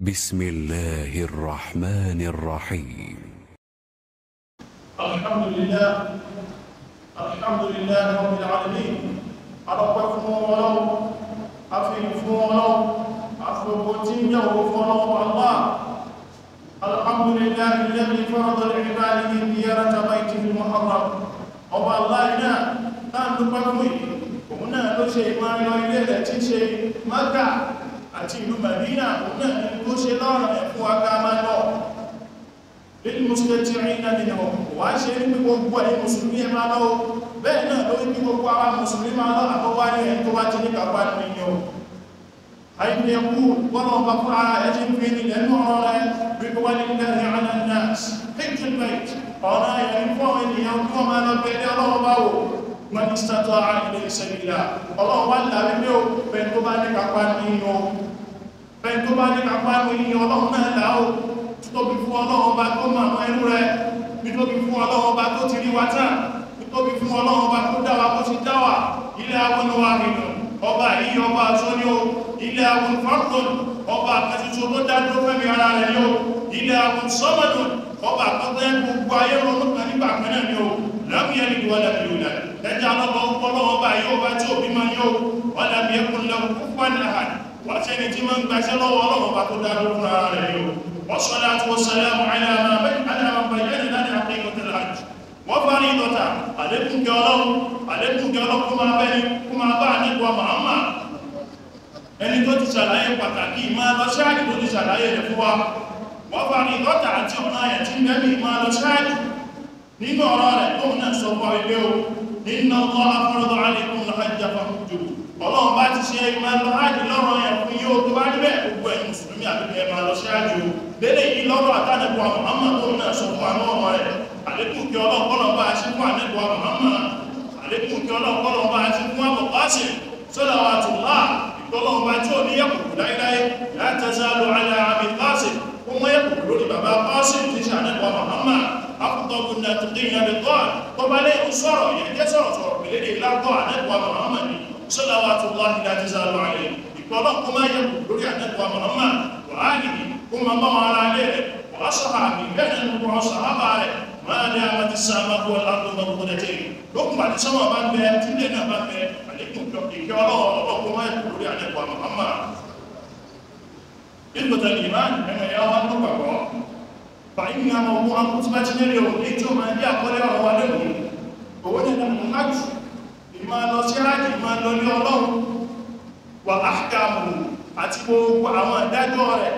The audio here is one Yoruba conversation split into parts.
بسم الله الرحمن الرحيم الحمد لله الحمد لله رب العالمين أربع فمولو أفين فمولو أفين فمولو الله الحمد لله الذي فرض لعباده زيارة بيته في المحرم أبا الله إنا نعم تبقى ومنا نشي ما نعيده تشي مكة àti ìlú Madina náà ni ó ṣe lọ́rọ̀ ẹ̀kọ́ agbámánà lẹ́nu mùsùlùmí ti rí náà nínú wà á ṣe ní gbogbo ẹ̀ mùsùlùmí ẹ máa lọ́wọ́ bẹ́ẹ̀ náà ló ní gbogbo ara mùsùlùmí máa lọ́ àtọ́wá ní ẹ̀ tó bá ti ní kàpá ní yọ àìní ẹkú gbọ́nà ọba fún ara ẹ ní lẹ́nu ọ̀rọ̀ bá ní sátọ́ ní kàpá ní ẹni tó bá ní kápá ìròyìn ọlọ́run náà láò títóbi fún ọlọ́run ọba tó mọ̀ àwọn ẹrú rẹ̀ nítóbi fún ọlọ́run ọba tó ti rí wa tán nítóbi fún ọlọ́run ọba tó dáwà tó ti dáwà ilé agbónúwà nínú ọba yìí ọba àtúnyí o ilé agbón fọ́nkùn ọba àkàtútù tó dájú fẹ́mi ara rẹ̀ yóò ilé agbón sọ́mọ̀dùn ọba àkọ́tẹ́ gbogbo ayé ronú kan nígbà ni o lámúyẹ́ ní ìwọ́lẹ̀ mi ò wọ́n sẹ́ni tí máa ń gbaṣẹ́ lọ́wọ́ ọlọ́run bá tó dáadọ́ fún ara rẹ̀ yóò wọ́n sọ láti wọ́n sẹ́lẹ̀ mọ́ àyàmà bẹ́ẹ̀ láti àpéyàn tẹ́lẹ̀ àjù wọ́n bá ní ìdọ́ta àlékúnjẹ ọlọ́run àlékúnjẹ ọlọ́run kó máa bẹ́ni kó máa bá nípa màámà ẹni tó ti ṣàlàyé pàtàkì máa lọ ṣáàdì tó ti ṣàlàyé rẹ̀ fún wa ọlọ́run bá ti ṣe ìmọ̀ lọ áàdì lọ́rọ̀ ẹ̀ fún yóò tó bá níbẹ̀ gbogbo ẹ̀ mùsùlùmí àbíkẹ́ ẹ̀ máa lọ ṣáájú délé yìí lọ́rọ̀ àtàdẹ̀kọ̀ Muhammad tó náà sọ fún àwọn ọmọ rẹ̀ àlékún kí ọlọ́pọ̀lọ́ bá ṣe fún àdẹ́kọ̀ Muhammad àlékún kí ọlọ́pọ̀lọ́ bá ṣe fún àbọ̀kọ́sì sọ́dọ̀ wa tó lá ìtọ́lọ́run bá tí ò ní yẹ̀kùkù láíláí láti ṣe àlọ́ àlẹ́ àmì kọ́sì ó mọ́ yẹ̀kùkù lórí bàbá صلوات الله لا تزال عليه يقول ما يقول لي أن محمد وآله كما ما عليه وأصحى من وأصحابه يحن الصحابة عليه ما دامت السماء والأرض مغمودتين لكم بعد سماء بان بها تلنا بان بها عليكم تبقي تقيك الله ما يقول لي أن محمد إذن الإيمان أنا يا الله فإن موضوع خطبتنا اليوم إنتم أن يقول هو لهم وولد من أكثر ìmá lọ sí rájì ìmá lọ ní ọlọ́run wà áhìkàmù àti gbogbo àwọn ìdájọ́ rẹ̀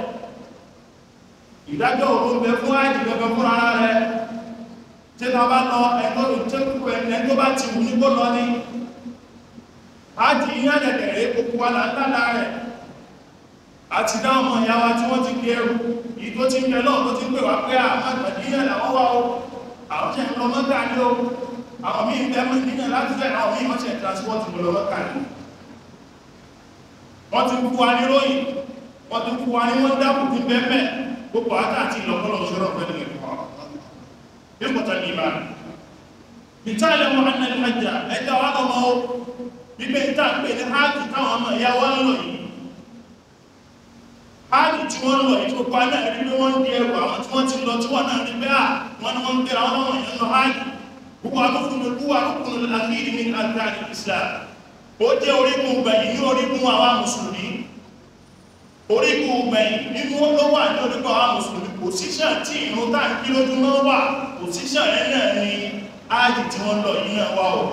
ìdájọ́ òun bẹ fún rájì bẹbẹ fún ara rẹ̀ tí ta bá lọ ẹ̀kọ́ ìtẹ́kùkù ẹ̀nẹ́ tó bá ti wù ní kó lọ ní àti ìyájẹ̀dẹ̀ èkókò wà látàlá rẹ̀ àti dáwọn ìyá wa tí wọ́n ti gbé ẹrù ìtó ti ń bẹ lọ́ọ̀ tó ti pè wá pé àwọn àgbàdíyàn làwọn wá o àwọn jẹ́ ìlọmọ́ta ní o àwọn míì tẹ́mù nínú láti fẹ́ àwọn míì mọ́ṣẹ̀ transport mọ́ lọ́wọ́ kàní wọ́n ti kúkú wa ní ròyìn wọ́n ti kúkú wa ní wọ́n dákù ti bẹ́ẹ̀ gbogbo àtàtì ìlọ́kọ́lọ́ ṣọ́rọ̀ pẹ̀lú ẹ̀kọ́ ẹ̀kọ́ta ní ìmá ìtàlẹ̀ wọn àná ìmájà ẹ̀dá wa lọ́mọ ó gbígbé ìta pé ní háàkì táwọn ọmọ ìyá wa ń lọ yìí háàkì tí wọ́n lọ yìí tó pa náà rí bí wọ́n ń di ẹrù àwọn tí wọ́n ti lọ tí wọ́n náà rí bẹ́ẹ̀ wọ́n ni wọ́n ń gbéra wọn lọ́wọ́ ìyẹn gbogbo àtọ́fún olúwa ọkùnrin àmìrì ní àgbàrí Islam ó jẹ́ orígun gbẹ̀yìn ní orígun àwa mùsùlùmí orígun gbẹ̀yìn nínú olówà ní orígun àwa mùsùlùmí pòsíṣàn tí ìrún tá ń kí lójúmọ́ wà pòsíṣàn ẹ̀ náà ni áàjì tí wọ́n lọ yìí náà wà ó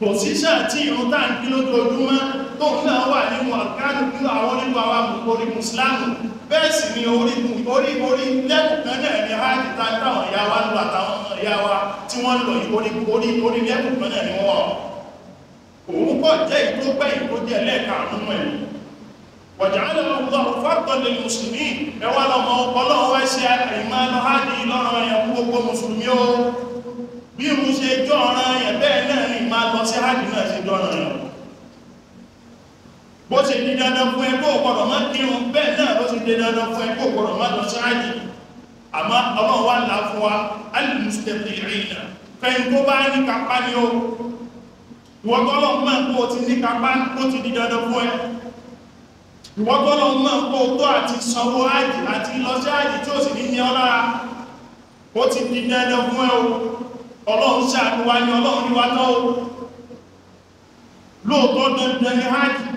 pòsíṣàn tí ìrún tá kí lójúmọ́ tóun náà wà nínú àkánù nínú àwọn onígun àwọn amòkòrí mùsùlámù bẹ́ẹ̀ sì ni orígun orí orí lẹ́kùn kan náà ni hajj ta táwọn ìyá wa ń lọ àtàwọn ìyá wa tí wọ́n ń lọ orí orí orí lẹ́kùn kan náà ni wọ́n òun kọ́ jẹ́ ìtó gbẹ̀yìn tó jẹ́ lẹ́ẹ̀ka àmúmú ẹ̀ wàjàálẹ̀ ọlọ́run bí mo ṣe jọ́ ọ̀ràn ẹ̀yàn bẹ́ẹ̀ náà ni máa lọ sí hádì náà ṣe jọ́ ọ̀ràn ẹ̀yàn bó ṣe di dandan fún ẹ kó o gbọ́dọ̀ má dírun bẹ́ẹ̀ náà ló ṣe di dandan fún ẹ kó o lọ ṣáájì àmọ́ ọmọ wa là fún wa alimusitẹ̀tì ìrìnà fẹ́yìn tó bá ní kápá ni o ìwọ́gbọ́lọ́ mọ̀ kó o ti ní kápá ó ti di dandan fún ẹ ìwọ́gbọ́lọ́ mọ̀ kó o tó àti sanwó ájì àti lọ ṣáájì tí sì ní ní ọ ó ti di dandan fún ẹ o ọlọ́run ṣàdúwá ni ọlọ́run ní wa náà lóòótọ́ dandan ní ájì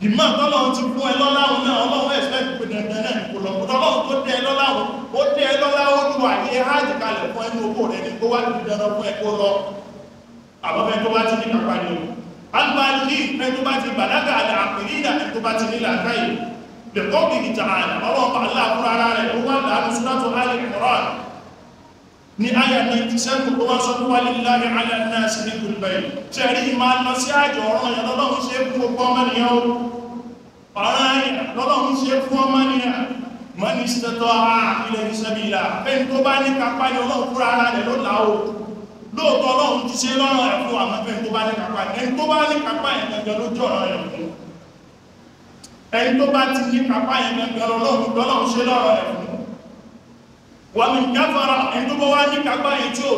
dìmọ̀ tọ́lọ́run ti fún ẹ lọ́láhùn náà ọlọ́run expect pé dandan náà kò lọ kúrò ọlọ́run tó dé ẹ lọ́láhùn ó dé ẹ lọ́láhùn ju àyè hajj kalẹ̀ fún ẹnu owó rẹ ní kó wá ní dandan fún ẹ kó lọ àbọ̀fẹ́ tó bá ti ní kápá ni o alùpàdé ẹ tó bá ti bàlágà àlẹ àpèrí ìdá ẹ tó bá ti ní làákàyè lẹ́kọ́ ní àyà 97 ó wá sọ fún wa lílàrí aláàrínà sí ní kùlùbẹ̀rẹ̀ tí ẹ̀rí ìmá lọ sí àjọ ọ̀rọ̀ yẹn lọ́lọ́run ṣe fún gbogbo ọmọnìyàn ó ọ̀rọ̀ yẹn lọ́lọ́run ṣe fún ọmọnìyàn mọ́ni ìsìtẹ̀tọ̀ ilẹ̀ ìsẹ̀bìlà bẹ́ẹ̀ tó bá ní kápá ní ọlọ́run fúra ara rẹ̀ ló là ó lóòótọ́ ọlọ́run ti ṣe lọ́rọ̀ ẹ̀ fún wà ní káfàrà ẹ̀dúgbọ́ wá ní kápá ẹ̀ tí ò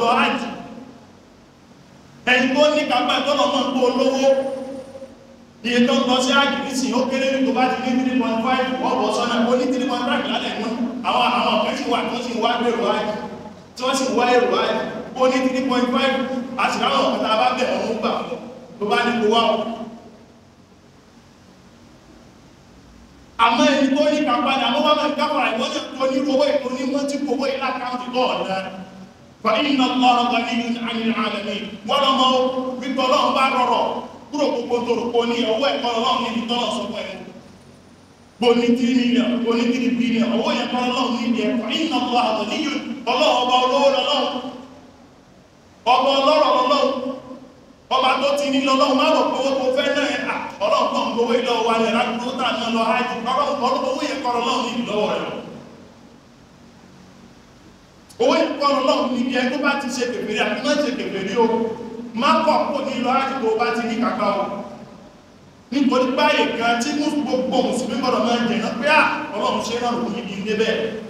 lọ hajj ẹ̀dúgbọ́ ní kápá tọ́nà mọ́ tó lówó ní ètò ń lọ sí hajj ní sìn ó kéré ní tó bá ti ní 3.5 ọ̀bọ̀ sọ́nà ó ní 3.5 lálẹ́ mú àwọn àwọn kan sì wà tó sì wá gbèrò hajj tí wọ́n sì wá èrò hajj ó ní 3.5 àti láwọn ọ̀pẹ̀ta bá bẹ̀ ọ̀hún gbà tó bá ní kó wá àmọ́ ẹni tó ní kàmpáyà àwọn bá máa kápá ìwọ́n ti tó ní owó ìtò ní wọ́n ti kó owó ìlà káàdì lọ́ọ̀dá fa iná lọ́rọ̀ bá ní yún àmì àlẹ́mí wọ́n lọ́mọ wípé ọlọ́run bá rọrọ̀ kúrò gbogbo tòrò kò ní owó ẹ̀kọ́ ọlọ́run ní ìtọ́ sọ pé boni tiri mílíọ̀n boni ọlọ́run ní ìdí ẹ̀fà iná lọ́rọ̀ ọba tó ti ní lọ́lọ́run má rò pé owó tó fẹ́ náà yẹn ọlọ́run kan ń gbowó ìlọ wa lẹ̀ ládùúgbò tá a ní ọlọ́ hajj ọlọ́run kan ló owó yẹn kọ́rọ̀ lọ́run níbi lọ́wọ́ rẹ̀ owó yẹn kọ́rọ̀ lọ́run níbi ẹ tó bá ti ṣe kèfèrè àti má ṣe kèfèrè o má pọ̀ kó ní lọ hajj tó bá ti ní kàkà o nítorí báyìí kan tí gbogbo mùsùlùmí gbọ́dọ̀ máa jẹ̀ náà pé à ọlọ́run ṣe náà lòun yìí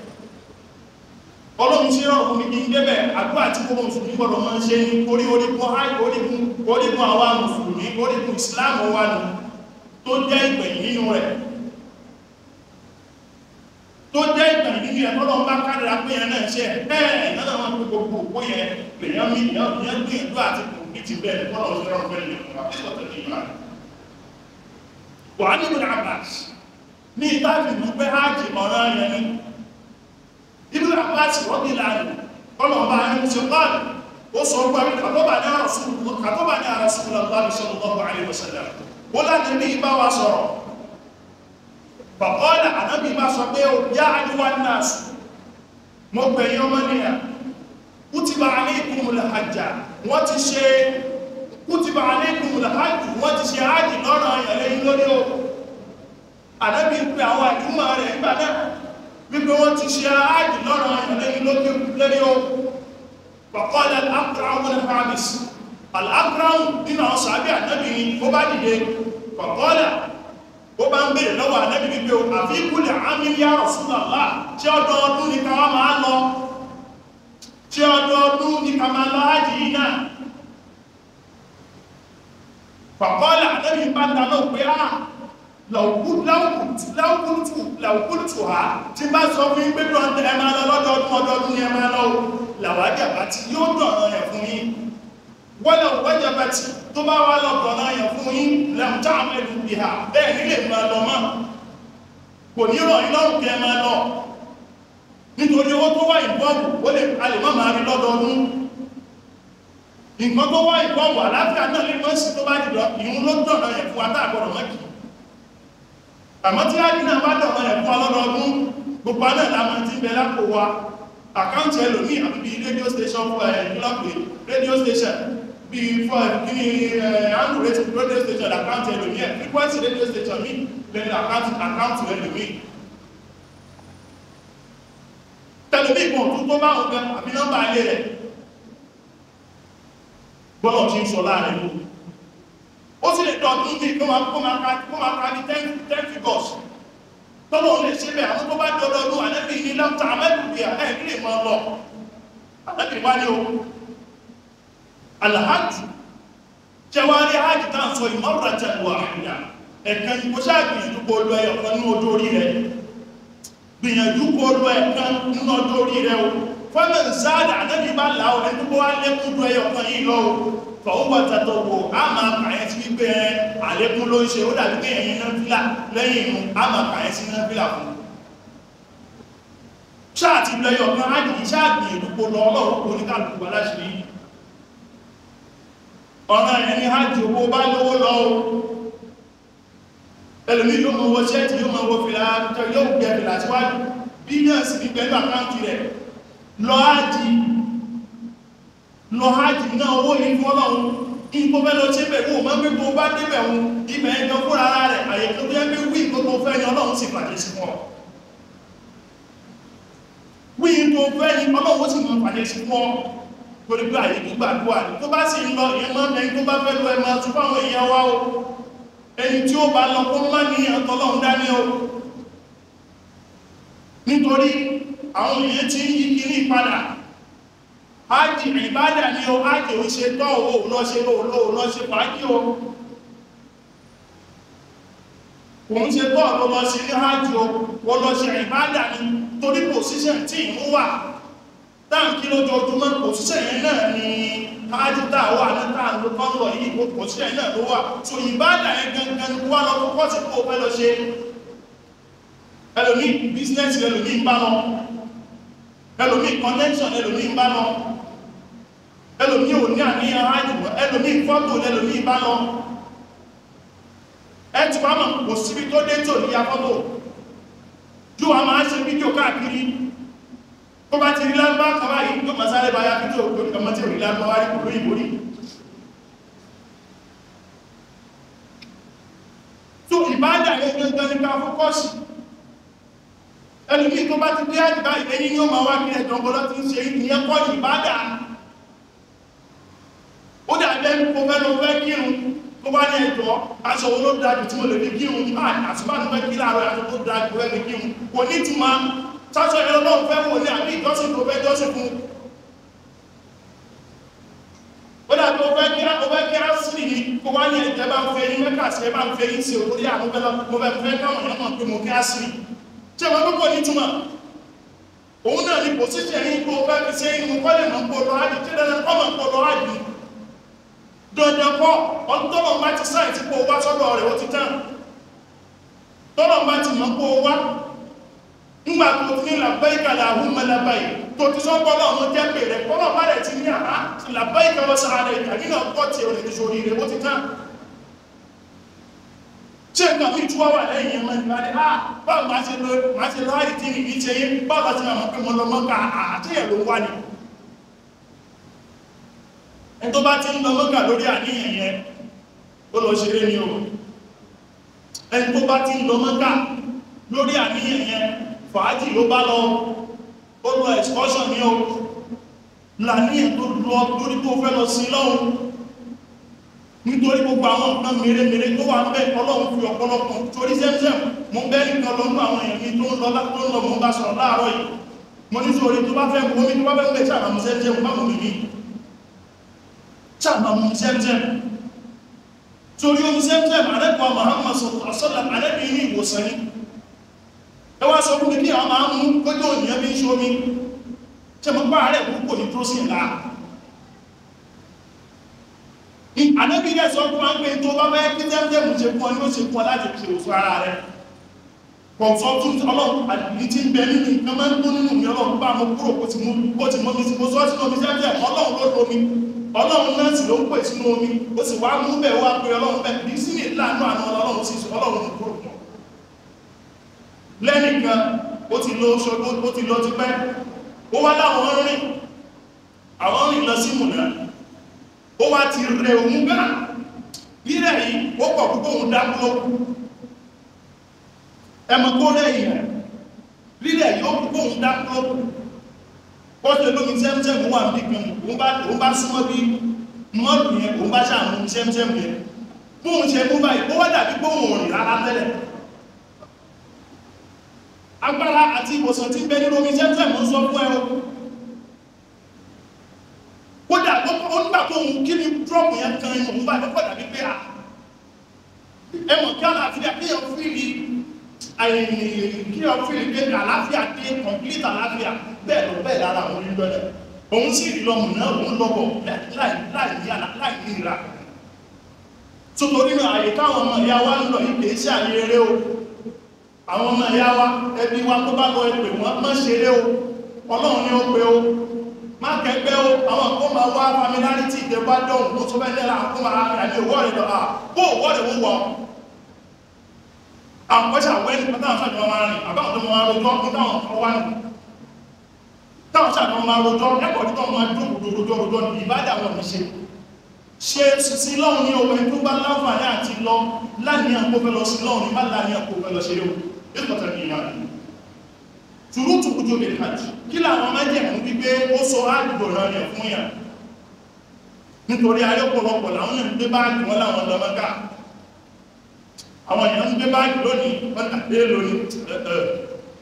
ọlọ́run tí rọrùn ní kí n débẹ̀ àdúrà tí kó mùsùlùmí gbọ́dọ̀ mọ́ ṣe ní orí orígun háì orígun orígun àwa mùsùlùmí orígun ìsìláàmù wa nù tó jẹ́ ìgbẹ̀yìn nínú rẹ̀ tó jẹ́ ìgbẹ̀yìn nínú ẹ̀ tọ́lọ́ bá kádìrá pé yẹn náà ṣe bẹ́ẹ̀ náà wọn kó gbogbo òpó yẹn lèyàn mi lèyàn gbìyànjú àti kò ní ti bẹ́ẹ̀ tọ́lọ́ ṣe rọrùn bẹ́ẹ̀ lè wà nínú àbàs ní ìtàfihàn pé háàjì ọ̀rọ̀ yẹn ni Ibn Abbas rọ́bì láàrin ọlọ́ọ̀bá ẹni ti pààlù ó sọ ọgbà rí kàtọ́bà ní àrọ̀sùn kàtọ́bà ní àrọ̀sùn lọ́gbàmì sallallahu alaihi wasallam ó láti ní ibá wa sọ̀rọ̀ bàbọ́ọ̀lá ànábì bá sọ pé ó yá àdúwà náàsì mọ́ gbẹ̀yìn ọmọ nìyà kútìbà alaykumul hajja wọ́n ti ṣe kútìbà alaykumul hajj wọ́n ti ṣe áàjì lọ́rọ̀ ayẹ̀lẹ́yìn lórí o ànábì ń pe àwọn àjúmọ̀ rẹ̀ nígbà náà wípé wọ́n ti ṣe ààjì lọ́rọ̀ ìrìnlẹ́yìn lókè lẹ́rí o pàkọ́lẹ̀ alákùnrin wọn hàbís alákùnrin nínú àwọn sàábí ànábì ó bá dìde pàkọ́lẹ̀ ó bá ń bèèrè lọ́wọ́ ànábì wípé o àfikúnlẹ̀ àmìlíà rọ̀súnlọ́lá tí ọdún ọdún ní ká máa lọ tí ọdún ọdún ní ká máa lọ ájì yìí náà pàkọ́lẹ̀ ànábì bá dáná pé á ah, làwùkúlùtù ha tí bá sọ fún pé lọ́dọ̀ ẹ máa lọ lọ́dọọdún ọdọọdún ni ẹ máa lọ làwájàbá tí yóò dọ̀nà ẹ̀ fún yín wọ́lẹ̀ wájàbá tí tó bá wá lọ dọ̀nà ẹ̀ fún yín làwùjá àmẹ́lú bí ha bẹ́ẹ̀ nílé máa lọ mọ́ kò ní rọ̀ ìlọ́rùn bí ẹ máa lọ nítorí owó tó wá ìbọ́ọ̀bù ó lè alèmọ́ máa rí lọ́dọọdún nǹkan tó wá ìbọ́ọ̀bù àlàáfíà náà lè mọ́ sí tó bá dìdọ̀ ìhun ló dọ̀nà ẹ̀ fún wa tá àgbọ̀rọ̀ mọ́kì àmọ́ tí ájì náà bá dọ̀mọ́ rẹ̀ fún ọlọ́dọọdún gbogbo náà lámọ́ tí ń bẹ lápò wa àkáǹtì ẹlòmí àbíbí radio station kílọ̀pì eh, radio station bí fún eh, kíní eh, andrew radio station àkáǹtì ẹlòmí ẹ̀ frequency radio station mi lẹ́nu àkáǹtì ẹlòmí tẹlifí ìpọ̀ tó tó bá òun gan àbí nọ́mbà ilé rẹ̀ gbọ́dọ̀ tí ń sọ láàrin gbogbo ó sì lè dọ̀tún ní kó máa ka ní ten figures tọ́lọ́ òun lè ṣe bẹ́ẹ̀ àwọn tó bá di ọdọọdún àlẹ́bí ní láńtà amẹ́kùnkì àlẹ́bí lè máa lọ àlẹ́bí wá ní o alhaji jẹwàárí hajj tán sọ ìmọ̀ràtẹ̀ wà àyà ẹ̀kan ìbò ṣáàgbìyànjú kó lọ ẹ̀kan ní ojú orí rẹ̀ gbìyànjú kó lọ ẹ̀kan ní ojú orí rẹ̀ o fọ́nà ìsáàdà àlẹ́bí bá làwọn ẹ̀kúgbọ́ alẹ́kùnjú ẹ̀yọ̀kan yìí lọ́wọ́ tọ̀wọ́ tàtọ̀ wò á máa kàyẹ́ sí wípé àlékún ló ń ṣe ó dàbí pé ẹ̀yìn náà fílà lẹ́yìn inú á máa kàyẹ́ sí náà fílà fún ṣáàtì lẹ́yọ̀ kan á yìí ṣáàtì ìdúpò lọ ọlọ́run kò ní lọ hajj náà owó yìí fún ọlọ́run ìgbó bẹ́ẹ̀ lọ tí bẹ̀ wò má pé bó bá débẹ̀ wọn ibẹ̀ ẹjọ́ fúnra ara rẹ̀ àyè tó bí wí gbogbo fẹ́ ni ọlọ́run sì pàdé sí fún wí gbogbo fẹ́ ni ọlọ́run sì mọ pàdé sí fún torí pé àyè tó gbàdúrà tó bá sì ń lọ ìyẹn máa ẹni tó bá fẹ́ lọ ẹ máa tún fáwọn èèyàn wá o ẹni tí ó bá lọ kó má ní àtọ́lọ́run dání o nítorí àwọn èèyàn ti ń yí kiri padà hajj ìbádà ni o hajj ò ṣe tọ́ owó lọ ṣe lọ lọ lọ ṣe fàájì o òun ṣe tọ́ lọ lọ ṣe ní hajj o wọ́n lọ ṣe ìbádà ni torí position tí ìmú wà táǹkì lójoojúmọ́ position yẹn náà ni hajj tá a wà ní táàlù lọ yìí kò position náà ló wà so ìbádà yẹn gangan wà lọ kọ́kọ́ sí kó fẹ́ lọ ṣe ẹlòmí business ẹlòmí ń bá lọ ẹlòmí connection ẹlòmí ń bá lọ ẹlòmí ò ní àníyàn hajj mọ́ ẹlòmí fọ́tò lẹ́lòmí bá lọ ẹ ti wá mọ̀ kò síbi tó dé tí ò ní ya fọ́tò ju wa máa ṣe fídíò káàkiri tó bá ti rí lágbá kan báyìí tó máa sáré bá ya fídíò tó ní kàmọ́ tí ò rí lágbá wá rí kúrò ìbòrí tó ìbádà ẹgbẹ̀gbẹ̀ nípa fókọ́sì ẹlòmí tó bá ti dé àdìbá ìgbẹ̀yìn ni ó wá bí ẹ̀dọ̀gbọ́lọ́ ti ń ṣe ìyẹn kọ́ ìbádà lẹ́nu mo fẹ́ lọ fẹ́ kírun mo bá ní ẹ̀dọ́ aṣọ wo ló dájú tí mo lè fi kírun ní báyìí àti bá mi fẹ́ kí láàárọ̀ aṣọ tó dájú rẹ̀ mi kírun kò ní ti máa sásọ ìrẹ́ ọlọ́run fẹ́ wò ní àbí ìjọsìn tó fẹ́ jọ́sìn fún ó dàbí ó fẹ́ kí ó fẹ́ kí á sí ní kó wá ní ẹ̀jẹ̀ bá ń fẹ́ yín mẹ́kà sí ẹ bá ń fẹ́ yín sí òkúrí àwọn mo fẹ́ fẹ́ káwọn ọ̀nà mọ̀ pé mo kí á sí ṣé wọn gbogbo ní túmọ̀ òun náà ni kò sí ṣe yín kó fẹ́ fi ṣe inú kọ́lẹ̀ mọ̀ ń polo ájì tí lẹ́nu kọ́mọ̀ ń polo ájì dandan kọ́ ọdún tọ́lọ̀ bá ti sáì tí kò wá sọ́dọ̀ rẹ̀ ó ti tán tọ́lọ̀ bá ti mọ́ kó wá nígbà tó ti ní làbáyíkà làhúnmọ́ làbáyì tó ti sọ bọ́lá ọmọ jẹ́ pèrè kọ́lọ̀ bá rẹ̀ ti ní àá làbáyíkà wọ́n sára rẹ̀ ìgbà ọkọ̀ tí ó lè ti ẹni tó bá ti ń lọ mọ́kà lórí àníyàn yẹn ó lọ ṣeré ni o ẹni tó bá ti ń lọ mọ́kà lórí àníyàn yẹn fàájì ló bá lọ ó lọ excursion ni o làníyàn tó lọ lórí tó fẹ́ lọ sí lọ́hùn nítorí gbogbo àwọn nǹkan mèremère tó wà ń bẹ ọlọ́run fi ọ̀pọ̀lọpọ̀ torí zẹ́mzẹ́m mo bẹ́ nǹkan lọ àwọn èèyàn tó ń lọ tó ń lọ mo bá sọ̀rọ̀ láàárọ̀ yìí mo ní sọ̀rọ̀ tó bá fẹ́ mú omi tó bá fẹ́ mú bẹ́ẹ̀ sàràmù zẹ́mzẹ́m bá mú mi ṣàgbà mú jẹ́mjẹ́m torí ohun jẹ́mjẹ́m àrẹ́kọ̀ọ́ Muhammad sallallahu alaihi wasallam àrẹ́bí ní ìwòsàn ní ẹwà sọ fún mi bí àwọn máa mú kójú ònìyàn bí ń ṣó mi ṣe mọ́ pa àrẹ́ púpọ̀ ní prosin là àrẹ́bí rẹ̀ sọ fún wa pé tó bá fẹ́ kí jẹ́mjẹ́m ṣe pọ̀ ní ó ṣe pọ̀ láti kí òṣù ara rẹ̀ pọ̀tọ́ tún ọlọ́run àdìrí tí ń bẹ nínú nǹkan máa ń gbónú mi ọlọ́run bá mo kúrò ó ti mú mi ó ti mú mi sí mo sọ́ọ́ sínú omi jẹ́mjẹ́m ọlọ́run ló lo mi ọlọ́run náà sì ló ń pè sínú omi ó sì wá mú bẹ̀ wá pé ọlọ́run bẹ̀ ní sí ní ìlànà àná ọlọ́run sí ọlọ́run kúrò pọ̀ lẹ́nìkan ó ti lọ ṣogbó ó ti lọ ti pẹ́ ó wá láwọn rìn àwọn rìn lọ sí mùnà ó wá ti rẹ òun gbá rírẹ̀ yìí ó pọ̀ púpọ̀ òun dákúrò ẹmọ kó rẹ̀ yìí rírẹ̀ yìí ó púpọ̀ òun dákúrò pọ́tù olómi tẹ́mtẹ́mù wà ní pín òun bá súnmọ́ bí mọ́ọ̀lù yẹn òun bá ṣàmú tẹ́mtẹ́mù yẹn bóun ṣe mú báyìí ó wá dàbí bóun rìn rárá tẹ́lẹ̀ agbára àti ìwòsàn tí ń bẹ nínú omi tẹ́mtẹ́mù ń sọ fún ẹ o kódà ó nígbà tó ń kí ni drop yẹn kan inú òun báyìí ó pọ̀ dàbí pé à ẹmọ̀ kí á láti rí àkíyàn fún ìrìn kí ọ fi lè gbé àlàáfíà dé complete àlàáfíà bẹ́ẹ̀ lọ bẹ́ẹ̀ lára àwọn onílọ́lẹ̀ òun sì rí lọ́mù náà òun lọ́bọ̀ láì ní ìra tó torí náà àyè táwọn ọmọ ìyá wa ń lọ ìpè iṣẹ́ àyẹrẹ o àwọn ọmọ ìyá wa ẹbí wa tó bá lọ ẹpè wọn mọ́ ṣeré o ọlọ́run ni ó pe o má kẹgbẹ́ o àwọn kó máa wá familiarity ìdẹ́gbádọ́hùn tó tó bẹ́ẹ̀ lẹ́la kó máa rà ní òwò rẹ̀ lọ́ àkọ́ṣà wẹ́lì táwọn ṣàjọ máa rìn àbáwọn tó máa rojọ́ fún táwọn ọwá nù táwọn ṣàjọ máa rojọ́ lẹ́kọ̀ọ́ ní táwọn máa dùn rojọ́ rojọ́ ní ìbádà wọn ní ṣe ṣe sí lọ́run ní owó ẹni tó bá láǹfààní àti lọ láàrin àpò fẹ́ lọ sí lọ́run ní bá láàrin àpò fẹ́ lọ ṣe yóò ìtọ̀tẹ̀ ní ìyá rẹ̀ tùrú tùkùjọ lè hajj kí làwọn mẹ́jẹ̀ mú wípé ó sọ àdìgbò rẹ̀ fún yà nítorí ayọ́pọ̀lọpọ̀ làwọn ń gbé báàgì wọn láwọn lọ́mọ́ká àwọn èèyàn ń gbé báyìí lónìí wọ́n tà dé lónìí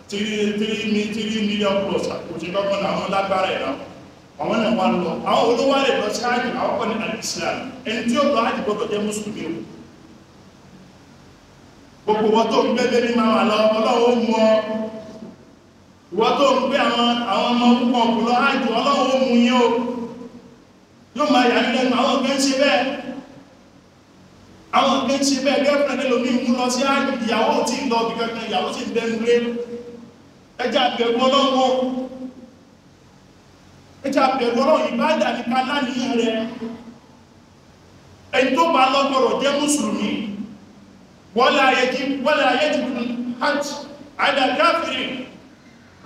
tírí mílíọ̀n plus àkójọ lọ́gbọ̀n àwọn lágbára ẹ̀rọ àwọn náà wọ́n lọ àwọn olówó rẹ̀ lọ ṣáájú àwọn kan ní alìsílámù ẹni tí ó lọ láti gbọdọ̀ jẹ́ mùsùlùmí o gbogbo wọn tó ń gbé bébí máa wà lọ ọlọ́wọ́ mú ọ ìwọ tó ń gbé àwọn ọmọ púpọ̀ kù lọ ájò ọlọ́wọ́ mú yín o yóò máa yà nílẹ̀ àwọn ọgbẹ́ ń ṣe bẹ́ẹ̀ àwọn nǹkan ṣe bẹ́ẹ̀ gẹ́fẹ̀rẹ́ nílòmí mú lọ sí ààyè ìyàwó tí ń lọ bí kankan ìyàwó tí ń dẹnu lé ẹjá bẹ̀rù ọlọ́wọ́ ẹjá bẹ̀rù ọlọ́wọ́ ìbádà ní kaláníyàn rẹ ẹni tó bá lọ́gbọ̀rọ̀ jẹ́ mùsùlùmí wọ́lá ayéjìkún hajj àdàkáfìrì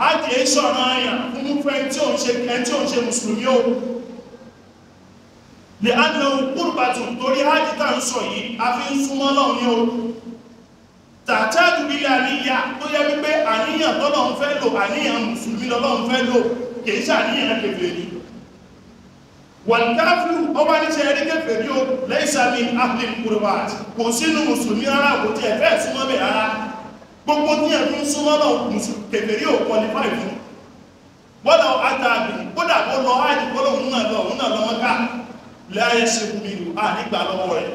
hajj èé sọ̀rọ̀ àyà fún mú fẹ́ tí ó ń ṣe mùsùlùmí ohun lè á ní ohun kúrùpàtù torí hajji tá ń sọ yìí a fi ń súnmọ́ lọ́wọ́ ní o tàtàdù bí àníyà tó yẹ wípé àníyàn tọ́lọ̀ ń fẹ́ lò àníyàn mùsùlùmí lọ́lọ́ ń fẹ́ lò kìí ṣe àníyàn kèfèrí wàlkáfù ọba ní ṣe ẹrí kèfèrí o lẹ́ìsàmì ahlil kurbat kò sínú mùsùlùmí rárá lẹ́yìn ṣekú nínú àdígbà lọ́wọ́ rẹ̀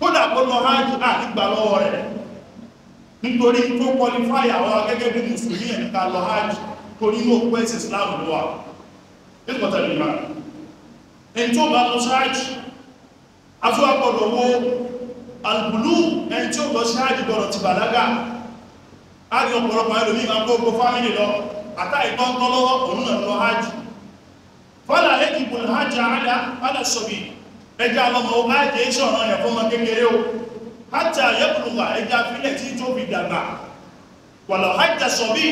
kódà kọ́nà hajj àdígbà lọ́wọ́ rẹ̀ nítorí tó qualify àwọn gẹ́gẹ́ bí mùsùlùmí ẹ̀ níta lọ hajj torí ní òkú ẹ̀sìn Islam ló wà nígbàtà nígbà ẹni tó bá lọ hajj afọ́ àpọ̀dọ̀ wo albulu ẹni tó lọ hajj gbọ́dọ̀ ti bàlágà á rí ọ̀pọ̀lọpọ̀ ẹlòmí máa gbogbo fámìlì lọ àtàìgbọ́n tọ́lọ́wọ́ òun náà lọ hajj fọ́lá ẹ̀kìbò hajjá àdá alásọ̀bí ẹjá ọmọ máàjẹ́ iṣẹ́ ọ̀rọ̀ yẹ̀ fún ọmọ kékeré o hajjá yẹ́kùnlá ẹjá fílẹ̀ tí tó fi dàgbà wàlọ̀ hajjá sọ̀bí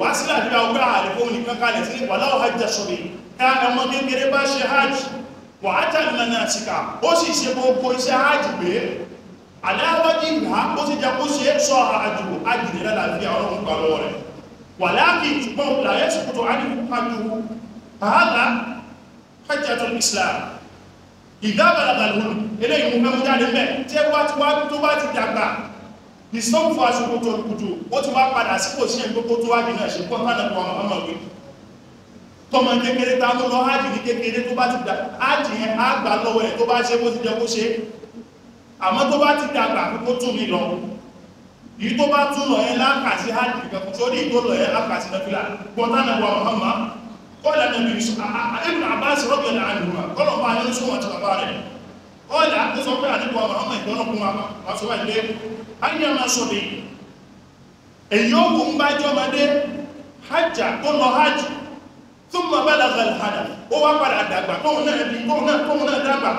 wà sílẹ̀ àti ọgbà àrífò nìkan kalẹ̀ sí wàlọ̀ hajjá sọ̀bí ká ọmọ kékeré bá ṣe hajj wà á tàbí mẹ́nà àtìkà ó sì ṣe gbogbo iṣẹ́ hajj pé aláwọ́dí ìhà ó sì jẹ́ ṣe é sọ àjùbò هذا حجة الإسلام إذا بلغ الهدى إليه مهم جاد مبẹ tí ẹ bá ti wá tó bá ti dàgbà ìsọ́n fún aṣojú tó kùtù ó ti wá padà sípò sí ẹgbẹ́ tó wá nínú ẹ̀ṣẹ̀ pọ̀ hàn lọ́pọ̀ ọmọ ọmọ wí tọmọ kékeré ta ló lọ ájì ní kékeré tó bá ti dà ájì yẹn á gbà lọ́wọ́ ẹ̀ tó bá ṣe bó ti jẹ kó ṣe àmọ́ tó bá ti dàgbà kó tún mi lọ èyí tó bá tún lọ ẹ lákàtí ájì kẹkùn sórí ìtó lọ ẹ lákàtí lọ́fíà gbọ́tánà wà ọmọ kọ́lá nàbí yusuf ibn abbas rọ́bì ọ̀nà àdúrà kọ́lọ̀ bá yọ sọ àti bàbá rẹ̀ kọ́lá ó sọ pé àdúgbò àwọn ọmọ ìgbọ́nàkún wa fi wà ilé ayé máa sọ bí èyí ó kún bá jẹ́ ọmọdé hajjá tó lọ hajj tó mọ̀ bá lágbàlá hada ó wá padà dàgbà tóun náà bí tóun náà tóun náà dàgbà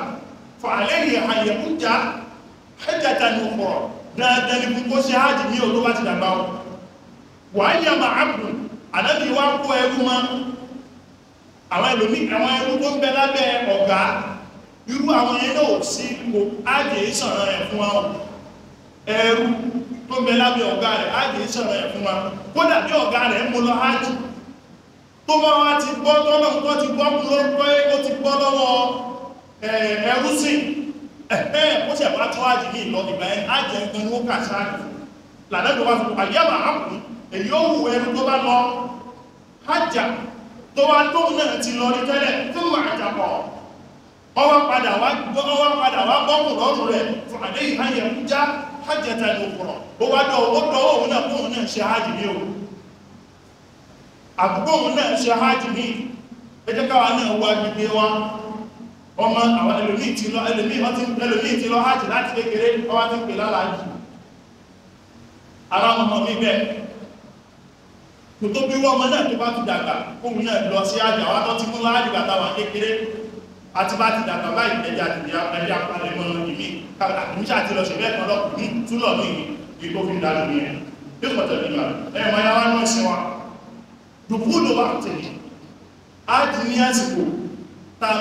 fọ àlẹ́ yìí àyẹ̀kú já hajjá ta ní ọkọ̀ àbùn àdábì wá kó ẹrú máa àwọn ẹlòmí àwọn ẹrú tó ń bẹ lábẹ́ ọ̀gá irú àwọn yẹn náà sí ipò ájèé sọ̀rọ̀ ẹ̀ fún wa ẹrú tó ń bẹ lábẹ́ ọ̀gá rẹ̀ ájèé sọ̀rọ̀ ẹ̀ fún wa kódà bí ọ̀gá rẹ̀ ń mú lọ ájù tó bá wá ti gbọ́ tọ́lọ́ tó ti gbọ́ mú lọ́pọ̀ ó ti gbọ́ lọ́wọ́ ẹrú sí ẹ̀ẹ́ ó sì ẹ̀wà tó ájì ní ìlọ ìgbà ẹ̀ ájẹ ẹgbẹ̀rún ó kà sáàrì lànà tó wá fi pàyẹ́bà ápùn èyí ó wù ẹrú tó bá lọ hájà tó wá tó náà ti lọ ní tẹ́lẹ̀ fún àjàpọ̀ ọwọ́ padà wá gbọ́kùn lọ́rùn rẹ̀ fún àdé ìhàyẹ̀ ń já hajjata ní òkùrọ̀ ó wá dọ̀ ó dọ̀ òun náà kóhun náà ṣe hajjì ní òun àbúgbò òun náà ṣe hajjì ní ẹjẹ́káwà náà wá gbígbé wá ọmọ àwọn ẹlòmí ti lọ ẹlòmí ti lọ hajjì láti kékeré ọwá ti pè lálàájì ara ọmọ mi bẹ́ẹ̀ kò tó bí wọ́n ọmọ náà tó bá ti dàgbà kóhun náà lọ sí àjà wá tó ti mú láàájú àtàwà kékeré àti bá ti dàgbà báyìí ẹja àtìdí ẹja àpalẹ̀mọ́ ìmí àmúṣà ti lọ ṣẹ̀bẹ́ kan lọ́kùnrin túnlọ̀ ní ìkó fi dájú ní ẹ̀ yóò pọ̀tẹ̀ nígbà ẹ̀mọ̀ ya wá náà ṣe wa dùkú ló wà tẹ̀lé á ti ní àsìkò tá a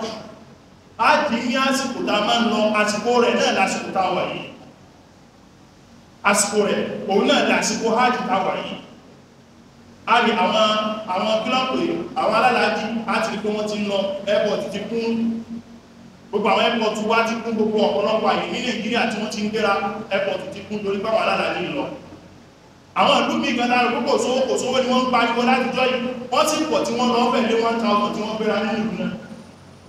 máa ń a kì í ní àsìkò tá a máa ń lọ àsìkò rẹ̀ náà lásìkò tá a wà yìí àsìkò rẹ̀ òun náà lásìkò hajj tá a wà yìí a rí àwọn àwọn kílọ̀pù àwọn alálàájì a ti rí pé wọ́n ti ń lọ airport ti kún gbogbo àwọn airport wá ti kún gbogbo ọ̀pọ̀lọpọ̀ àyè ní nàìjíríà tí wọ́n ti ń gbéra airport ti kún lórí pàwọn alálàájì lọ àwọn ìlú mi gan lára púpọ̀ sówó kò sówó ni wọ́n ń pariwo látijọ́ yìí wọ́n sì pọ̀ tí wọ́n lọ fẹ́ lé 1000 tí wọ́n gbéra nínú ìlú náà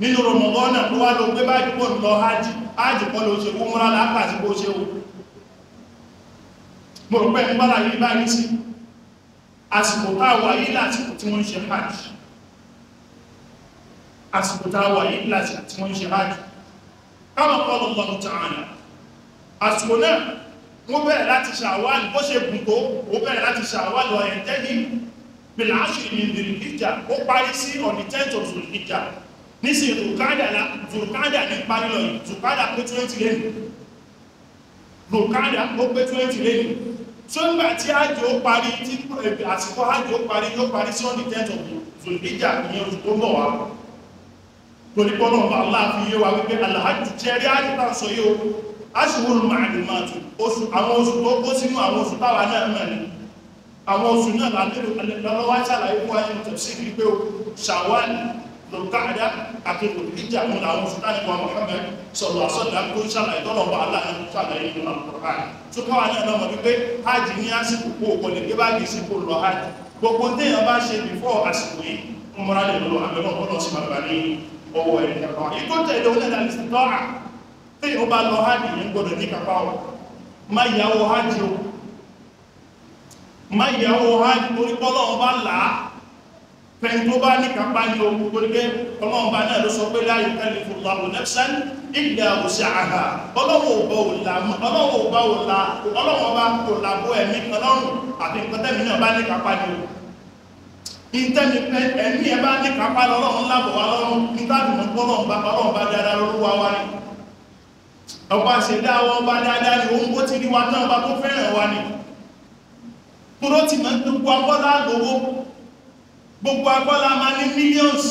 nínú rọmọgọ́nà ló wá ló gbé báyìí pọ̀ lọ hajj hajj kọ́ ló ṣe kó múra lápá àti kó ṣe o mo rò pé ń bára yìí báyìí sí àsìkò táwà yìí lásìkò tí wọ́n ń ṣe hajj àsìkò táwà yìí lásìkò tí wọ́n àsìkò náà wọ́n bẹ̀rẹ̀ láti ṣàwálì bó ṣe gùn tó wọ́n bẹ̀rẹ̀ láti ṣàwálì ọ̀yẹ̀ tẹ́lì bìlá ṣì ìjà ó parí sí on 10th of Zulhijjah nísìnyí tòkádà la tòkádà ní parí lọ yìí tòkádà pé twenty lẹ́nu tòkádà ó pé twenty lẹ́nu tó ń gbà tí àjò parí tí àsìkò àjò parí yóò parí sí ọ̀nì tẹ́tọ̀ tòlùbíjà ìyẹn oṣù tó ń bọ̀ wá torípọ̀ náà bá láàfin yé wa wípé aláàjù jẹ́rí àjùtà sọ yóò aṣùwòrò màálùmáàtù oṣù àwọn oṣù tó kó sínú àwọn oṣù táwa náà mẹ́rin àwọn oṣù náà lálẹ́rọ lọ́wọ́ ṣàlàyé fún wa nínú tẹ̀sí wípé ṣàwálì lòlùkàdá àti lòlùkìjà àwọn làwọn sultani wa Muhammad sọlọ àsọlá kó sàlàyé tọ́lọ̀ wà láàyè sàlàyé nínú àkùrán tó káwa náà lọ́mọ wípé hajj ní àsìkò kó o kọ̀lẹ̀ gbé báàgì sí kó lọ hajj gbogbo téèyàn bá ṣe before àsìkò yìí ń mọ́ra lè lọ àbẹ̀lọ́ ọ̀pọ̀lọ́ sí bàbá ní ọwọ́ ẹ̀ kẹfà ikú tẹ̀lé ó lẹ́nà lẹ́sìn tọ́ra téèyàn bá lọ hajj yẹn gbọdọ̀ ní kápá o má yàwó hajj o má yàwó hajj orí bọ́lọ́ ọba làá pẹ̀lú tó bá ní kápá ní ogun tó gbé ọlọ́ọ̀bá náà ló sọ pé láyé kẹ́lì fúnlá onẹ́sán ìgbà òṣà àhà ọlọ́wọ̀ọ̀bá kò làbó ẹ̀mí ọlọ́run àti ìpẹ́tẹ́mì náà bá ní kápá ní ogun ìtẹ́mi pé ẹ̀mí ẹ bá ní kápá lọ́rọ̀run lábọ̀ wá lọ́rùn nítàbìmọ̀ ọlọ́ọ̀bá ọlọ́ọ̀bá dáadáa lọ́rọ̀ wá wá ní ọba ṣẹ̀dá wọn bá dáadáa ní ohun ti rí wa náà bá tó fẹ́ràn wá ní tó ló ti mọ́ gbogbo agbọ́dá lówó gbogbo akọ́lá ma ní millions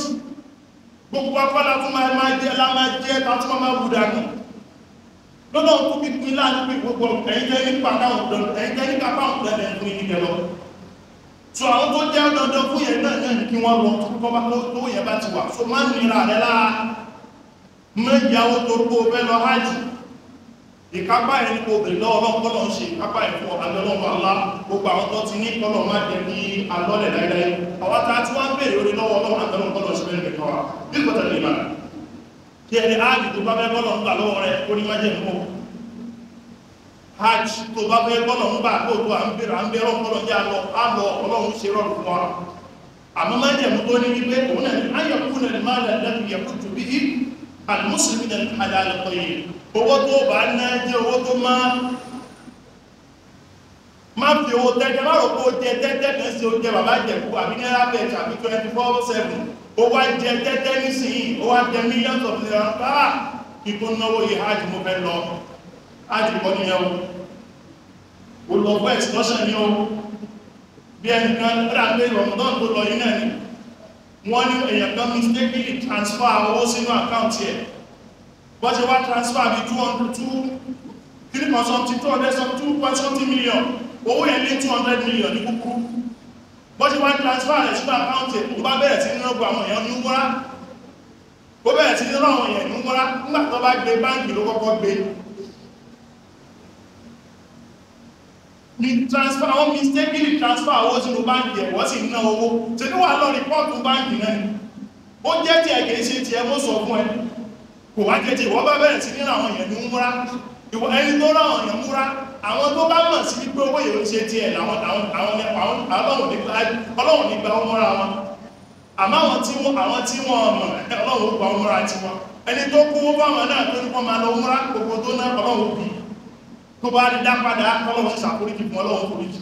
gbogbo akọ́lá tún máa jẹ́ la máa jẹ́ ta tún máa wù dànù lọ́nà tó fi pin láàrin pé gbogbo ẹ̀yin jẹ́ nípa káwọn ọ̀dọ́ ẹ̀yin jẹ́ nípa káwọn ọ̀dọ́ ẹ̀ fún ìdíkẹ lọ tó àwọn tó jẹ́ dandan fún yẹn náà náà kí wọ́n lọ tó kọ́ bá tó yẹn bá ti ìkápá ẹni kò bèrè lọ́wọ́ ọlọ́run kọ́lọ̀ ń ṣe ìkápá ẹ̀ fún ọ̀gá lọ́wọ́ alá gbogbo àwọn tó ti ní kọ́lọ̀ má jẹ ní alọ́lẹ̀ láíláí àwọn tá a ti wá ń bèrè orí lọ́wọ́ ọlọ́run àtọ́lọ́ kọ́lọ̀ ṣe bẹ́ẹ̀ nìkan wa bí kò tẹ̀lé ma kí ẹni áàjì tó bá fẹ́ kọ́lọ̀ ń gbà lọ́wọ́ rẹ̀ ó ní má jẹ mọ́ hajj tó bá fẹ́ owó tó bá ná jẹ́ owó tó máa má fi owó tẹ́jẹ́ má rò pé ó jẹ tẹ́tẹ́ kan sí oúnjẹ bàbá jẹ̀kú àbí náírà bẹ̀ tàbí twenty four seven ó wá jẹ tẹ́tẹ́ nísìnyí ó wá jẹ millions of naira ah! báà kíkó náwó yìí hajj mo fẹ́ lọ hajj kọ́ nìyẹn o lọ fún excursion ni o bí ẹnìkan rà pé ramadan tó lọ yìí náà ni wọ́n ní èèyàn kan mistakenly transfer owó sínú àkáǹtì ẹ̀ bọ́ ṣe wá transfer bí 200 3 something 200 something 2 point something million owó yẹn lé 200 million ní kúkúrú bọ́ ṣe wá transfer rẹ̀ sí àkáǹtì tó bá bẹ̀rẹ̀ sí nínú ọgbà àwọn èèyàn ní wọ́rá ó bẹ̀rẹ̀ sí nínú àwọn èèyàn ní wọ́rá nígbà tó bá gbé báńkì ló kọ́kọ́ gbé ni transfer àwọn mistakenly transfer owó sínú báńkì ẹ̀wọ́ sì ná owó tí níwà lọ rìpọ́ọ̀tù báńkì náà ó jẹ́ tí ẹ̀kẹ́ sí ti ẹmọ́ sọ fún ẹ kò wá jẹjẹ ìwọ bá bẹ̀rẹ̀ sí ní àwọn èèyàn ní múra ìwọ ẹni tó ráwọn èèyàn múra àwọn tó bá mọ̀ sí wípé owó yìí ń ṣe tiẹ̀ làwọn ọlọ́run nígbà wọn múra wọn àmọ́ àwọn tí wọ́n àwọn tí wọ́n mọ̀ ọlọ́run gba wọn múra tiwọn ẹni tó kú fáwọn náà tó ní wọ́n máa lọ múra gbogbo tó ná ọlọ́run bí tó bá rí dá padà ọlọ́run ṣàforíjì fún ọlọ́run foríjì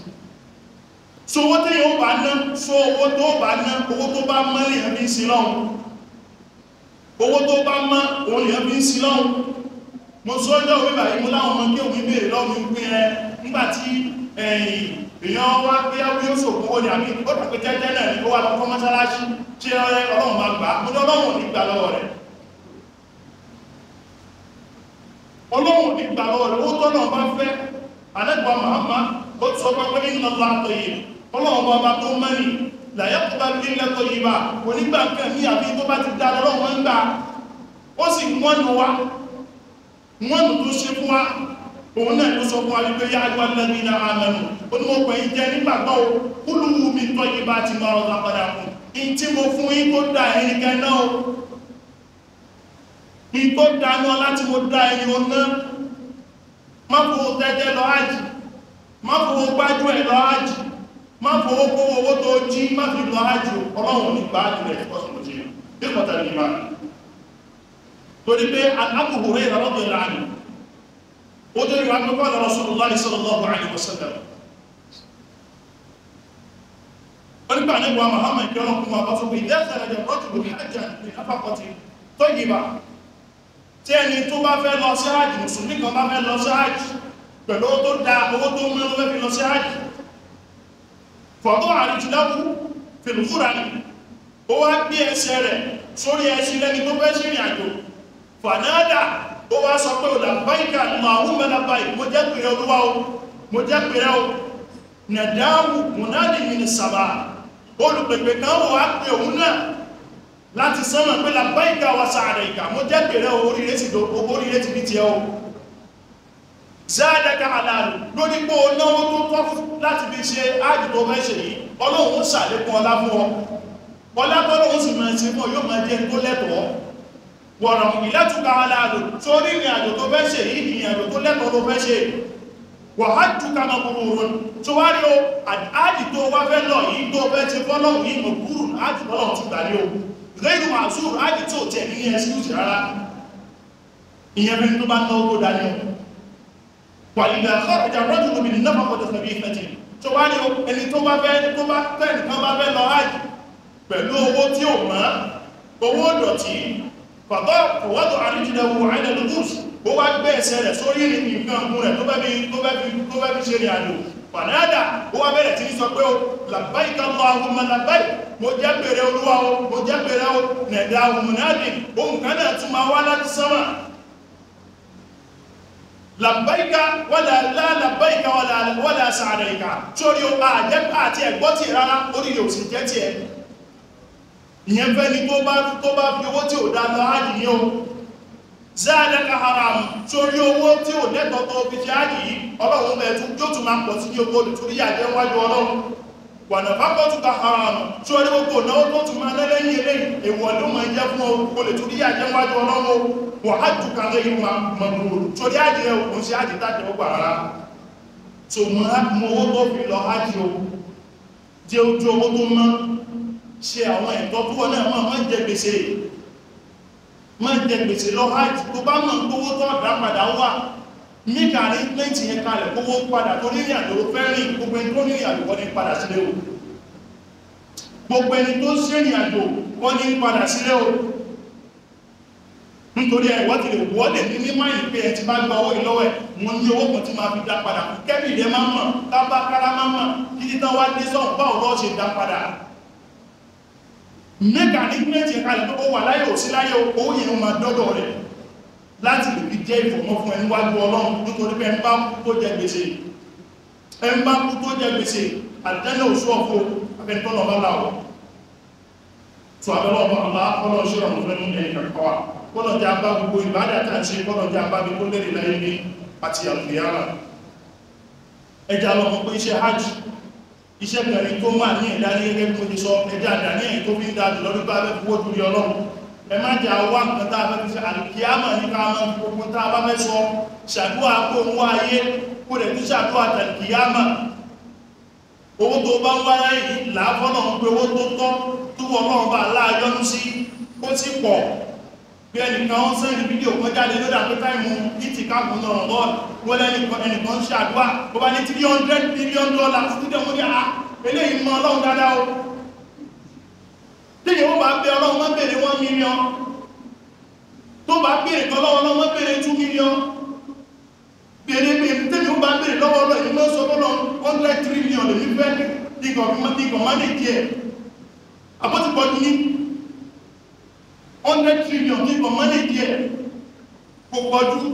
sowó téèyàn ó bá ná sowó tó bá ná owó tó bá mọ́lẹ̀ ẹ̀mí sí lọ́hùn owó tó bá mọ́ òun yẹn fi ń sí lọ́hùn mo sọ ọjọ́ òwe bàyí mo láwọn ọmọ kí òun ìbéèrè lọ́hùn ń pín ẹ nígbà tí èèyàn wá pé áwí ó sòkó ó ní àmì ó dàpé jẹ́jẹ́ náà ní ó wá lọ́kọ́ mọ́sálásí tí ọlọ́run bá gbà mo ní ọlọ́run ní gbà lọ́wọ́ rẹ̀ ọlọ́run ní gbà lọ́wọ́ rẹ̀ ó tọ́nà bá fẹ́ alẹ́gbàá màmá ó sọ pé pé ní làyàkùbá nílẹ̀ tó yìí bá onígbà nǹkan ní àbí tó bá ti dá lọ́rọ̀ wọn gbà ó sì mọ́nù wa mọ́nù tó ṣe fún wa òun náà ló sọ fún wa wípé yá àjọ lẹ́nu ilẹ̀ àmẹ́nu ó ní wọ́n pẹ̀ yí jẹ́ nígbàgbọ́ o kúlùú mi tọ́ yìí ti máa ọ̀gá padà fún in tí mo fún yín tó dá ẹ̀yìn kan náà o in tó dá náà láti mo dá ẹ̀yìn o náà má tẹ́tẹ́ lọ ájì má gbájú ẹ̀ lọ ájì má fowó kówó owó tó jí má fi lọ ájò ọlọ́run ní gbà jù rẹ̀ kọ́sùn òjì rẹ̀ bí pọ̀tà ní ìmá torí pé alákòókò rẹ̀ ìrànlọ́gbọ̀n láàánú ó jẹ́ ìwà pípọ́ lọ́rọ̀ Rasulullahi sallallahu alaihi wasallam onígbà nígbà Muhammad kí ọlọ́run kún wa bá tó pé ìdẹ́sẹ̀ rẹ̀ rọ́jùlù hajjá ní apákọ̀tì tó yìí tí ẹni tó bá fọ̀tọ́ àríjùláwú fìlúfúra ní ó wá gbé ẹsẹ̀ rẹ̀ sórí ẹsẹ̀ lẹ́ni tó fẹ́ sí ìrìn àjò fànádà ó wá sọ pé làbáìkà làwúmẹ́ làbáì mo jẹ́ pèrè olúwa o mo jẹ́ pèrè o nàdáwù mùnádì mi ní sàbà olùpẹ̀pẹ̀ kan wò á pè òun náà láti sánmà pé làbáìkà wà sàárẹ̀ ìkà mo jẹ́ pèrè oríire ti bí tiẹ̀ o záàdẹ́ka aláàrù lórí pé o náwó tó tọ́ láti fi ṣe áàdì tó fẹ́ ṣe yìí ọlọ́run ó ṣàlékún ọlá fún ọ ọlá tọ́lọ́run sì máa ṣe mọ́ yóò máa jẹ́ tó lẹ́tọ̀ọ́ wọ̀nà ìlẹ́tùkà aláàrù sórí ìrìn àjò tó fẹ́ ṣe yìí ìrìn àjò tó lẹ́tọ̀ọ́ ló fẹ́ ṣe wàhádù kama gbogbogbòn tó wá ní o àdì tó wá fẹ́ lọ yìí tó fẹ́ ti fọ́lọ́hùn yìí mọ̀ kúrù àdì lọ́lọ́ tó gbà ní o lẹ́nu wàlìdà kọ́rọ̀jà rọ́jùlù mi nínú ọmọdé sọ̀rọ̀ ìfẹ́jì tó bá ní ẹni tó bá fẹ́ tó bá tẹ́ẹ̀nì kan bá fẹ́ lọ ájì pẹ̀lú owó tí ó mọ́ owó dọ̀tí pàtó kòwọ́dọ̀ àríjìdẹ̀wò àìdẹ̀lógúsù ó wá gbé ẹsẹ̀ rẹ̀ sórí nǹkan ọmọ rẹ̀ tó bẹ́ fi ṣe rìn àjò pàdádà ó wá bẹ̀rẹ̀ tí ń sọ pé ó làbáyì ká lọ àwọn ọmọ làbáyì mo jẹ́ pèrè olúwa o mo jẹ́ pèrè o nẹ̀dá àwọn ohun kan náà tún máa wá láti sánmà làbáyíká wàlà làbáyíká wàlà sàdáyíká sórí o àjẹ́ àti ẹ̀gbọ́ tì rárá orí rẹ̀ òsì jẹ́ tiẹ̀ ìyẹn fẹ́ ni tó bá fi owó tí ò dá lọ ájì ní o záàdẹ́ka haram sórí owó tí ò lẹ́tọ̀ọ́ tó fi ṣe ájì yìí ọlọ́run bẹ̀ẹ́ tún yóò tún máa pọ̀ sí ní owó nítorí àjẹ́ ọlọ́run wànàfà ìwọ̀ ló mọ̀ jẹ́ fún o lè torí àjẹ́ wájú ọlọ́wọ́ wọ̀ ájù kàrẹ ìwà mọ̀lú torí àjẹ́ òun sí àjẹ́ tàbí ọgbà rárá tó mọ́ owó tó fi lọ ájì o jẹ́ ojú owó tó mọ́ ṣe àwọn ẹ̀tọ́ tó wọ́n náà mọ́ jẹ gbèsè mọ́ jẹ gbèsè lọ ájì tó bá mọ̀ owó tó ọ̀dá padà wà mí kàrí pẹ́ntì yẹn kalẹ̀ kówó padà torí ìrìn àjò fẹ́rìn gbogbo ẹni tó ní ìrìn padà sílé o gbogbo ẹni tó ṣẹ́rìn àjò wọ́n ní padà sílẹ̀ o nítorí ẹ̀wọ́ lè wọ́n ní ìpé ẹ̀ ti bá gba owó ìlọ́wẹ̀ mo ní owó kan tí máa fi dá padà kẹ́bì máa mọ̀ tábà kára máa mọ̀ títí tán wá dé sọ́ọ̀ bá ọ̀rọ̀ ṣe dá padà mẹ́ta ní pínlẹ̀tì ẹ̀ka tó wà láyé ò sí láyé owó yẹn máa dọ́dọ̀ rẹ̀ láti lè fi jẹ́ ìfọ̀mọ́ fún ẹni wájú abẹ́ tọ́lọ̀ bá láwọ̀ tó àbẹ́lọ́ ọmọ ọlá kọ́lọ̀ ṣe ọ̀rọ̀ fẹ́ nínú ẹ̀yìn kọ̀kọ́ wa kọ́lọ̀ jẹ́ abá gbogbo ìbádàtà ṣe kọ́lọ̀ jẹ́ abá mi kó lérè láyé ní àti àlùfíàrà ẹjà lọ́mọ pé iṣẹ́ hajj iṣẹ́ mẹ́rin tó máa ní ẹ̀dá ní ẹgbẹ́ tó ti sọ ẹjà àdáni ẹ̀yìn tó fi ń dájú lọ́dún bá bẹ́ fowó dúrí ọlọ́run ẹ má jẹ́ àwọn nǹkan tá a fẹ́ fi ṣe àlùkíyàmà ní ká máa gbogbo tá a bá fẹ́ sọ ṣàdúrà kó ń wá kó lè tún ṣàdúrà tàlùkíyàmà owó tó bá ń wá láyé yìí làáfọ́ náà ń pe owó tó tọ́ tó wọ́n náà bá láàyọ́nú sí ó ti pọ̀ bí ẹnìkan ń sẹ́yìn fídíò kan jáde lórí àpẹtàìmù ìtì káàkùn náà lọ́wọ́ wọ́n lẹ́nìkan ẹnìkan ń ṣe àdúrà ó bá ní three hundred million dollars ní tẹ̀wọ́n ní à eléyìí mọ ọlọ́run dáadáa o tíyẹ̀ ó bá bẹ ọlọ́run mọ́ bèrè one million tó bá bèrè tọ́lọ́run mọ́ bèrè two million kéré pé tẹ́mi ó bá bèèrè lọ́wọ́ lọ ìlú sọ bọ́lọ̀ hundred trillion lè fẹ́ ìgbọ̀n ìgbọ̀n díẹ̀ àbọ́tìpọ̀ ní hundred trillion ní ìgbọ̀n díẹ̀ kò pọ̀jú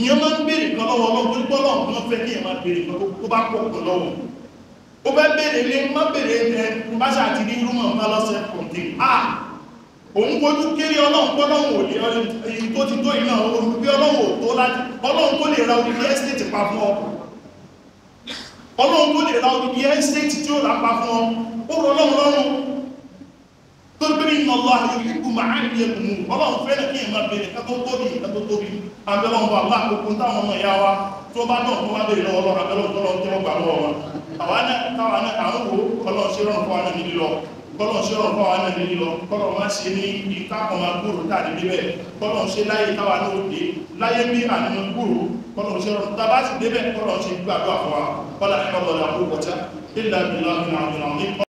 ìyẹn máa ń bèèrè kan lọ́wọ́ lọ́wọ́ tó gbọ́ lọ́wọ́ tó fẹ́ kí ẹ̀ máa bèèrè kan tó bá pọ̀ kan lọ́wọ́ ó bẹ́ bèèrè lé má bèèrè ẹ̀ má ṣàtìrí rúmọ̀ má lọ́sẹ̀ kọ̀ọ̀tì ah òun gbójú kéré ọlọ́run pọ́lọ́run ò lè èyí tó ti tó iná orú bí ọlọ́run ò tó láti ọlọ́run tó lè ra odidi estate pa fún ọ ọlọ́run tó lè ra odidi estate tí ó rà pa fún ọ ó rọ ọlọ́run lọ́rùn tó gbére iná lọ àyè ikú màá ń yẹ kùnú ọlọ́run fẹ́rẹ̀ kí ìmọ̀ bèrè kátó tóbi kátó tóbi abẹ́lọ́run wà láà gbogbo táwọn ọmọ ìyá kọ́lọ̀ ṣe ọ̀rọ̀ fáwọn náà nílọ kọ́lọ̀ wá ṣe ní ìta kan agbóòrò tàbí bíbẹ̀ kọ́lọ̀ ṣe láyé táwa náà dé láyé bí àmì gbòòrò kọ́lọ̀ ṣe ọ̀rọ̀ tá a bá sì débẹ̀ kọ́lọ̀ ṣe gbàgbọ́ àfọwà kọ́lọ̀ àkọ́lọ̀ làkó wọ̀tá